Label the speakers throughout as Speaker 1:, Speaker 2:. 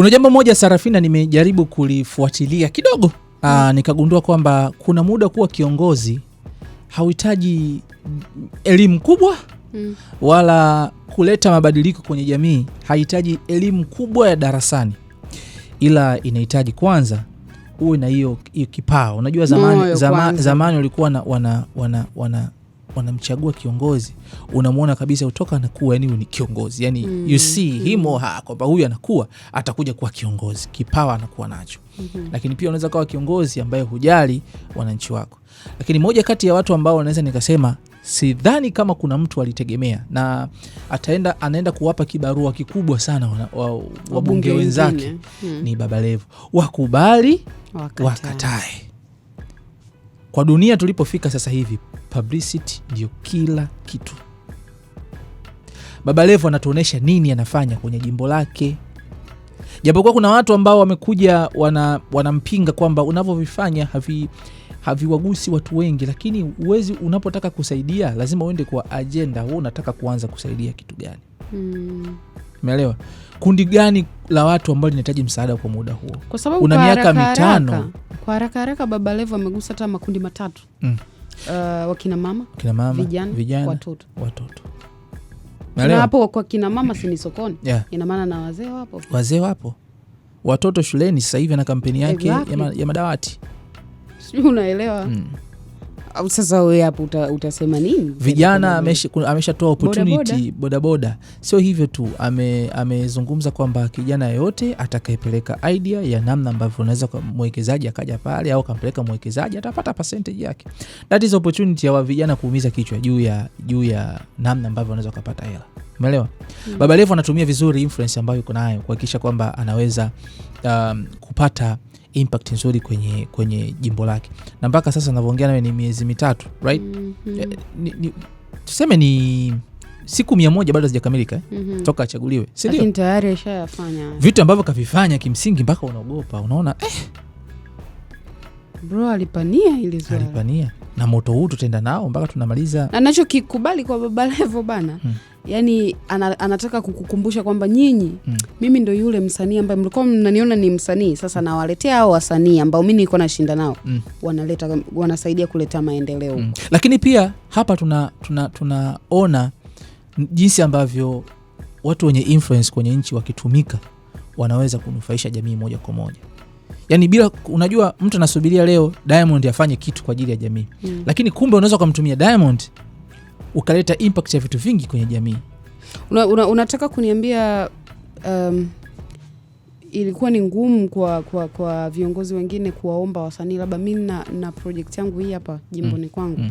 Speaker 1: Kuna jambo moja Sarafina, nimejaribu kulifuatilia kidogo mm. Aa, ah, nikagundua kwamba kuna muda kuwa kiongozi hauhitaji elimu kubwa mm. wala kuleta mabadiliko kwenye jamii hahitaji elimu kubwa ya darasani, ila inahitaji kwanza uwe na hiyo kipao. Unajua zamani, zama, zamani walikuwa wana, wana, wana, wanamchagua kiongozi, unamwona kabisa utoka anakuwa yani ni kiongozi yani, mm. you mm-hmm. see him or her kwamba huyu anakuwa atakuja kuwa kiongozi, kipawa anakuwa nacho mm -hmm. Lakini pia unaweza kawa kiongozi ambaye hujali wananchi wako, lakini moja kati ya watu ambao wanaweza nikasema sidhani kama kuna mtu alitegemea na ataenda anaenda kuwapa kibarua kikubwa sana wabunge wa, wa wenzake hmm. Ni babalevu wakubali wakatae, wakatae. Kwa dunia tulipofika sasa hivi, publicity ndio kila kitu. Baba Levo anatuonyesha nini anafanya kwenye jimbo lake, japokuwa kuna watu ambao wamekuja wana, wanampinga kwamba unavyovifanya havi haviwagusi watu wengi, lakini uwezi, unapotaka kusaidia lazima uende kwa ajenda, wewe unataka kuanza kusaidia kitu gani? hmm. Umeelewa? Kundi gani la watu ambao linahitaji msaada kwa muda huo?
Speaker 2: Kwa sababu una miaka mitano. Kwa haraka haraka, Baba Levo amegusa hata makundi matatu mm. Uh, wakinamama vijana, watoto, watoto hapo kwa kina mama sini sokoni yeah. Ina maana na wazee wapo,
Speaker 1: wazee wapo, watoto shuleni sasa hivi ana kampeni yake exactly. ya madawati,
Speaker 2: siu unaelewa mm sasa wewe hapo uta, utasema nini?
Speaker 1: Vijana ameshatoa opportunity bodaboda, sio hivyo tu, amezungumza ame kwamba kijana yeyote atakayepeleka idea ya namna ambavyo unaweza mwekezaji akaja pale au akampeleka mwekezaji atapata percentage yake. That is opportunity ya vijana kuumiza kichwa juu ya juu ya namna ambavyo unaweza ukapata hela umeelewa? mm. Baba Levo anatumia vizuri influence ambayo yuko nayo kuhakikisha kwamba anaweza um, kupata impact nzuri kwenye, kwenye jimbo lake, na mpaka sasa navyoongea nawe ni miezi mitatu right? mm -hmm. E, ni, ni, tuseme ni siku mia moja bado hazijakamilika eh? mm -hmm. Toka achaguliwe, si vitu ambavyo kavifanya, kimsingi mpaka unaogopa, unaona eh,
Speaker 2: bro alipania,
Speaker 1: alipania na moto huu tutaenda nao mpaka tunamaliza.
Speaker 2: Anachokikubali kwa Baba Levo bana hmm. Yani ana, anataka kukukumbusha kwamba nyinyi hmm. mimi ndo yule msanii ambaye mlikuwa mnaniona ni msanii. Sasa nawaletea hao wasanii ambao mi nilikuwa nashinda nao hmm. wanaleta, wanasaidia kuleta maendeleo hmm.
Speaker 1: Lakini pia hapa tunaona tuna, tuna jinsi ambavyo watu wenye influence kwenye nchi wakitumika wanaweza kunufaisha jamii moja kwa moja yani bila, unajua mtu anasubiria leo Diamond afanye kitu kwa ajili ya jamii mm. Lakini kumbe unaweza ukamtumia Diamond ukaleta impact ya vitu vingi kwenye jamii.
Speaker 2: Una, una, unataka kuniambia um, ilikuwa ni ngumu kwa, kwa, kwa viongozi wengine kuwaomba wasanii labda mi na, na projekt yangu hii hapa jimboni mm. kwangu mm.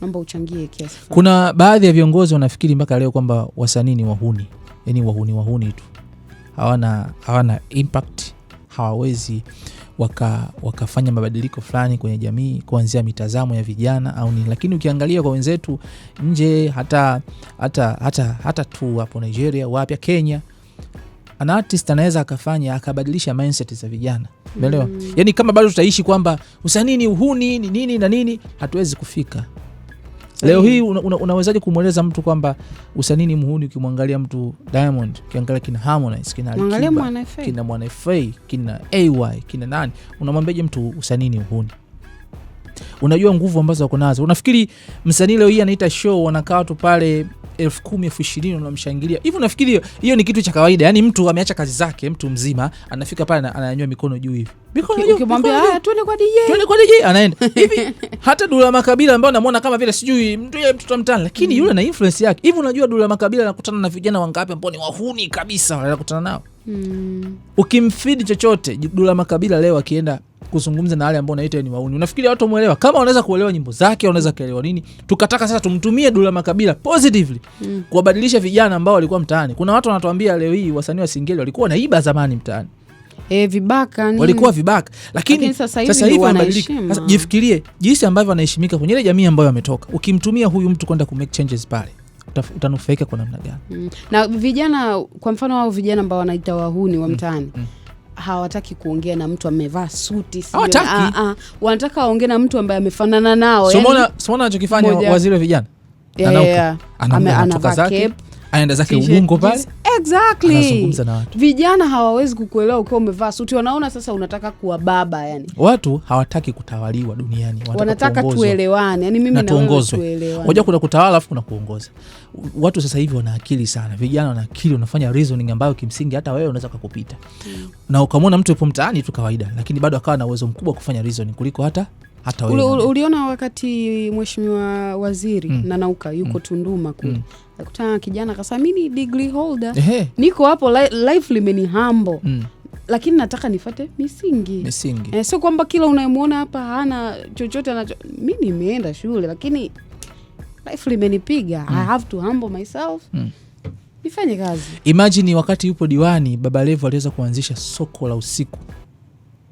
Speaker 2: naomba uchangie kiasi.
Speaker 1: Kuna baadhi ya viongozi wanafikiri mpaka leo kwamba wasanii ni wahuni, yani wahuni wahuni tu, hawana hawana impact hawawezi waka, wakafanya mabadiliko fulani kwenye jamii kuanzia mitazamo ya vijana au nini, lakini ukiangalia kwa wenzetu nje hata, hata, hata, hata tu hapo Nigeria, wapya Kenya an artist anaweza akafanya akabadilisha mindset za vijana umeelewa? mm. Yani kama bado tutaishi kwamba usanii ni uhuni ni nini na nini, hatuwezi kufika Leo hii una, una, unawezaje kumweleza mtu kwamba usanii ni muhuni? Ukimwangalia mtu Diamond, ukiangalia kina Harmonize, kina Alikiba, kina Mwana kina AY, kina nani, unamwambiaje mtu usanii ni uhuni? Unajua nguvu ambazo wako nazo. Unafikiri msanii leo hii anaita show, wanakaa watu pale elfu kumi elfu ishirini unamshangilia hivi, unafikiri hiyo ni kitu cha kawaida? Yani mtu ameacha kazi zake, mtu mzima anafika pale ananyanyua mikono juu hivi,
Speaker 2: ah, tuende kwa
Speaker 1: DJ, anaenda hivi. Hata Dula Makabila ambaye namwona kama vile sijui mtoto wa mtaani, lakini mm. yule na influence yake hivi. Unajua Dula Makabila anakutana na vijana wangapi ambao ni wahuni kabisa, anakutana nao Hmm. Ukimfidi chochote Dula Makabila leo akienda kuzungumza na wale ambao naita ni wauni. Unafikiri watu wamuelewa? Kama wanaweza kuelewa nyimbo zake, wanaweza kuelewa nini? Tukataka sasa tumtumie Dula Makabila positively mm. kuwabadilisha vijana ambao walikuwa mtaani. Kuna watu wanatuambia leo hii wasanii wa Singeli walikuwa wanaiba zamani mtaani.
Speaker 2: E, vibaka nini?
Speaker 1: Walikuwa vibaka. Lakini, lakini sasa hivi sasa Sasa jifikirie jinsi ambavyo wanaheshimika kwenye ile jamii ambayo ametoka. Ukimtumia huyu mtu kwenda ku make changes pale utanufaika kwa namna gani?
Speaker 2: Mm. Na vijana kwa mfano wao vijana ambao wanaita wahuni wa mm. mtaani. Mm. Mm hawataki kuongea na mtu amevaa suti,
Speaker 1: ah, ah.
Speaker 2: wanataka waongee na mtu ambaye amefanana nao.
Speaker 1: Yaani umeona anachokifanya waziri wa vijana, anavaa kepu aenda zake Ubungo pale
Speaker 2: exactly. Vijana hawawezi kukuelewa ukiwa umevaa suti, wanaona sasa unataka kuwa baba yani.
Speaker 1: Watu hawataki kutawaliwa duniani,
Speaker 2: wanataka tuelewane, yani mimi na tuongozwe.
Speaker 1: Unajua kuna kutawala alafu kuna kuongoza. Watu sasa hivi wana akili sana, vijana wana akili, wanafanya reasoning ambayo kimsingi hata wewe unaweza kukupita hmm. na ukamwona mtu yupo mtaani tu kawaida, lakini bado akawa na uwezo mkubwa kufanya reasoning kuliko hata
Speaker 2: hata Uliona wakati mheshimiwa waziri mm. Nanauka yuko mm. Tunduma kule mm nakutana na kijana mi ni degree holder Ehe. niko hapo life limeni hambo mm. lakini nataka nifate misingi, misingi. Eh, sio kwamba kila unayemwona hapa hana chochote anacho mi nimeenda shule lakini life limenipiga mm. I have to humble myself mm. nifanye kazi.
Speaker 1: Imagine wakati yupo diwani Baba Levo aliweza kuanzisha soko la usiku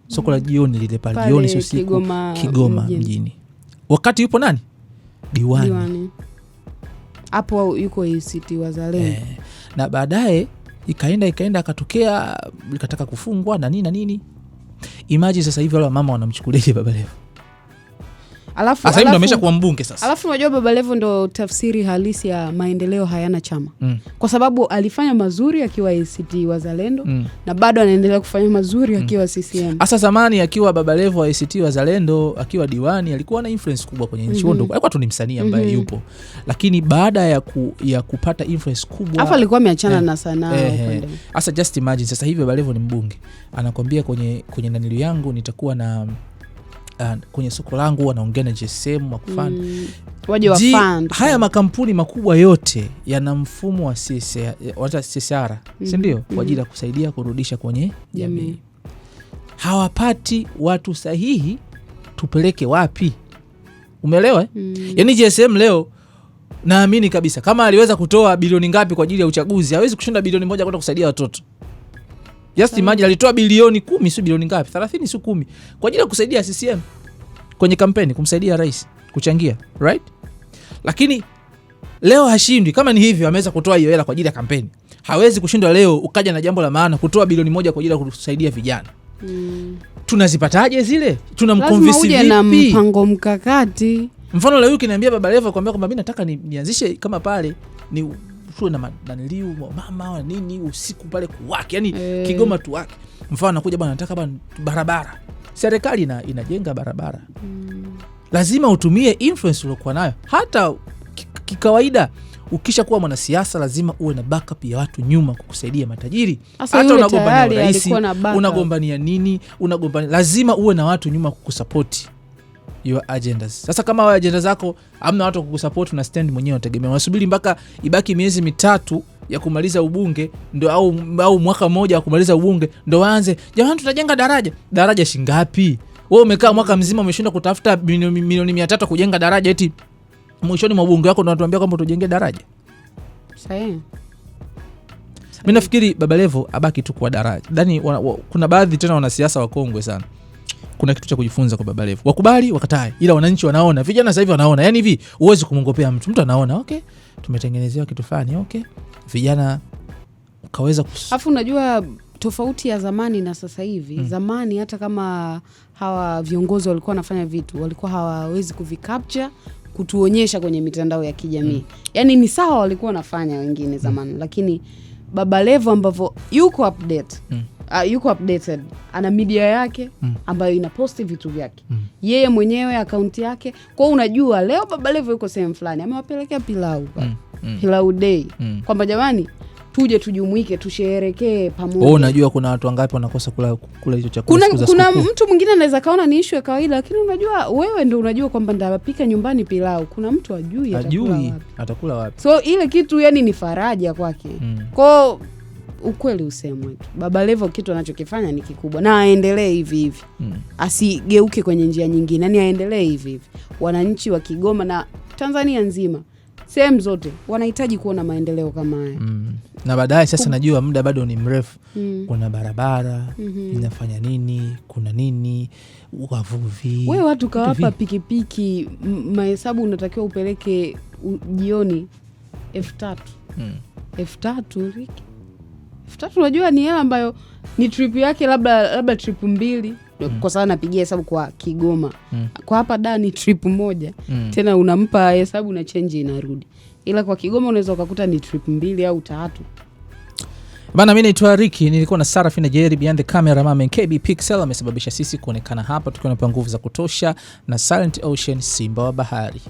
Speaker 1: soko mm. la jioni lile pale jioni, sio usiku, Kigoma mjini. Wakati yupo nani diwani, diwani
Speaker 2: hapo yuko ACT Wazalendo eh,
Speaker 1: na baadaye ikaenda ikaenda akatokea likataka kufungwa na nini na nini. imaji sasa hivi wale wamama wanamchukulia Baba Levo Alafu sasa ndo amesha kuwa mbunge sasa.
Speaker 2: Alafu unajua Baba Levo ndo tafsiri halisi ya maendeleo hayana chama mm. kwa sababu alifanya mazuri akiwa ACT Wazalendo mm. na bado anaendelea kufanya mazuri mm. akiwa CCM.
Speaker 1: Hasa zamani akiwa Baba Levo wa ACT Wazalendo, akiwa diwani alikuwa na influence kubwa kwenye nchi mm -hmm. alikuwa tu ni msanii ambaye mm -hmm. yupo, lakini baada ya, ku, ya kupata influence kubwa
Speaker 2: alafu alikuwa ameachana eh, na sanaa eh,
Speaker 1: hasa just imagine sasa hivi Baba Levo ni mbunge anakwambia kwenye, kwenye nanilio yangu nitakuwa na Uh, kwenye soko langu wanaongea na GSM wa
Speaker 2: mm.
Speaker 1: Haya makampuni makubwa yote yana mfumo wa CSR mm. Mm-hmm. Kwa ajili ya mm-hmm. kusaidia kurudisha kwenye jamii mm. hawapati watu sahihi, tupeleke wapi? Umeelewa? Eh? mm. yani GSM leo naamini kabisa kama aliweza kutoa bilioni ngapi kwa ajili ya uchaguzi, hawezi kushinda bilioni moja kwenda kusaidia watoto Just imagine alitoa bilioni kumi, si bilioni ngapi? 30 si kumi, kwa ajili ya kusaidia CCM kwenye kampeni, kumsaidia rais kuchangia, right? Lakini leo hashindwi. Kama ni hivyo, ameweza kutoa hiyo hela kwa ajili ya kampeni, hawezi kushindwa leo ukaja na jambo la maana, kutoa bilioni moja kwa ajili ya kusaidia vijana mm. Tunazipataje zile? Tunamkonvinsi vipi? Na
Speaker 2: mpango mkakati.
Speaker 1: Mfano leo ukiniambia Baba Levo kwambia kwamba mimi nataka nianzishe ni kama pale ni tuwe na naniliu mama nini usiku pale kuwake, yani hey. Eh. Kigoma tuwake, mfano nakuja bwana, nataka bwana barabara, serikali ina, inajenga barabara hmm. Lazima utumie influence uliokuwa nayo hata kikawaida ukisha kuwa mwanasiasa lazima uwe na backup ya watu nyuma kukusaidia matajiri. Hata unagombania urais, unagombania nini, unagombania lazima uwe na watu nyuma kukusapoti your agendas. Sasa kama wewe agenda zako amna watu kukusupport, na stand mwenyewe, wategemea wasubiri mpaka ibaki miezi mitatu ya kumaliza ubunge ndo au, au mwaka mmoja wa kumaliza ubunge ndo waanze jamani, tutajenga daraja. Daraja shingapi? we umekaa mwaka mzima umeshindwa kutafuta milioni mia tatu kujenga daraja, eti mwishoni mwa ubunge wako ndonatuambia kwamba tujenge daraja. Sahihi. Mi nafikiri Baba Levo abaki tu kuwa daraja, yani kuna baadhi tena wanasiasa wakongwe sana kuna kitu cha kujifunza kwa Babalevu. wakubali wakatae, ila wananchi wanaona, vijana sasa hivi wanaona, yani hivi huwezi kumwongopea mtu, mtu anaona okay, tumetengenezewa kitu fulani okay, vijana kaweza
Speaker 2: kus... afu unajua tofauti ya zamani na sasa hivi mm. Zamani hata kama hawa viongozi walikuwa wanafanya vitu, walikuwa hawawezi kuvicapture kutuonyesha kwenye mitandao ya kijamii mm. Yani ni sawa, walikuwa wanafanya wengine hmm. zamani mm. Lakini Baba Levo ambavyo yuko update mm uh, yuko updated, ana media yake mm. ambayo inaposti vitu vyake mm. yeye mwenyewe akaunti yake kwao. Unajua leo Baba Levo yuko sehemu fulani, amewapelekea pilau mm. Mm. pilau day mm. kwamba jamani tuje tujumuike tusheherekee pamoja.
Speaker 1: Unajua kuna watu wangapi wanakosa kula kula hicho chakula.
Speaker 2: Kuna, kuna mtu mwingine anaweza kaona ni ishu ya kawaida, lakini unajua wewe ndo unajua kwamba ndapika nyumbani pilau, kuna mtu ajui,
Speaker 1: ajui atakula wapi.
Speaker 2: So ile kitu yani ni faraja kwake mm. kwao ukweli usemwe, Baba Levo kitu anachokifanya ni kikubwa na aendelee hivi hivi mm. asigeuke kwenye njia nyingine, yani aendelee hivi hivi. Wananchi wa Kigoma na Tanzania nzima sehemu zote wanahitaji kuona maendeleo kama haya mm.
Speaker 1: na baadaye sasa, najua muda bado ni mrefu mm. kuna barabara mm -hmm. inafanya nini, kuna nini, wavuvi,
Speaker 2: we watu kawapa pikipiki, mahesabu unatakiwa upeleke jioni elfu tatu hmm. elfu tatu riki elfu tatu unajua ni hela ambayo ni trip yake labda labda trip mbili mm. kwa sababu napigia hesabu kwa Kigoma mm. kwa hapa da ni trip moja mm. tena unampa hesabu na chenji inarudi, ila kwa Kigoma unaweza ukakuta ni trip mbili au tatu.
Speaker 1: Bana, mi naitwa Riki, nilikuwa na Sarafina Jeri behind the camera. Mama KB Pixel amesababisha sisi kuonekana hapa tukiwa napewa nguvu za kutosha na Silent Ocean, simba wa bahari.